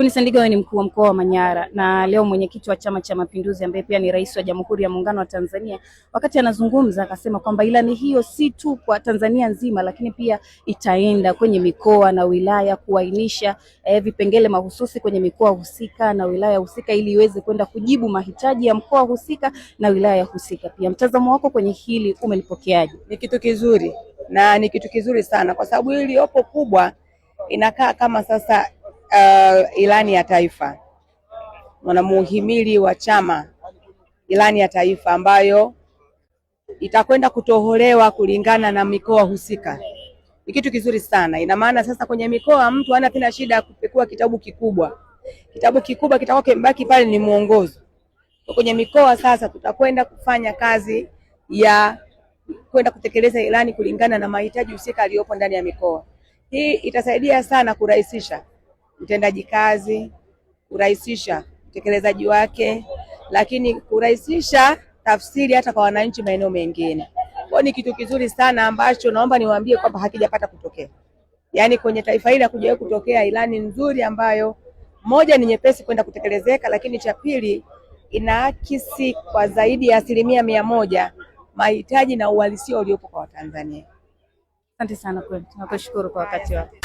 Eunice Ndiga wewe ni mkuu wa mkoa wa Manyara na leo mwenyekiti wa Chama cha Mapinduzi ambaye pia ni rais wa Jamhuri ya Muungano wa Tanzania, wakati anazungumza akasema kwamba ilani hiyo si tu kwa Tanzania nzima, lakini pia itaenda kwenye mikoa na wilaya kuainisha eh, vipengele mahususi kwenye mikoa husika na wilaya husika ili iweze kwenda kujibu mahitaji ya mkoa husika na wilaya husika. Pia mtazamo wako kwenye hili umelipokeaje? Ni kitu kizuri na ni kitu kizuri sana kwa sababu hili iliyopo kubwa inakaa kama sasa uh, ilani ya taifa, muhimili wa chama ilani ya taifa ambayo itakwenda kutoholewa kulingana na mikoa husika. Ni kitu kizuri sana, ina maana sasa kwenye mikoa mtu hana tena shida ya kupekua kitabu kikubwa. Kitabu kikubwa kitakuwa kimebaki pale ni mwongozo. Kwenye mikoa sasa tutakwenda kufanya kazi ya kwenda kutekeleza ilani kulingana na mahitaji husika aliyopo ndani ya mikoa. Hii itasaidia sana kurahisisha utendaji kazi, kurahisisha utekelezaji wake, lakini kurahisisha tafsiri hata kwa wananchi maeneo mengine. Kwa ni kitu kizuri sana ambacho naomba niwaambie kwamba hakijapata kutokea, yaani kwenye taifa hili hakujawahi kutokea ilani nzuri ambayo moja ni nyepesi kwenda kutekelezeka, lakini cha pili inaakisi kwa zaidi ya asilimia mia moja mahitaji na uhalisia uliopo kwa Watanzania. Asante sana kweli, tunakushukuru kwa wakati wako.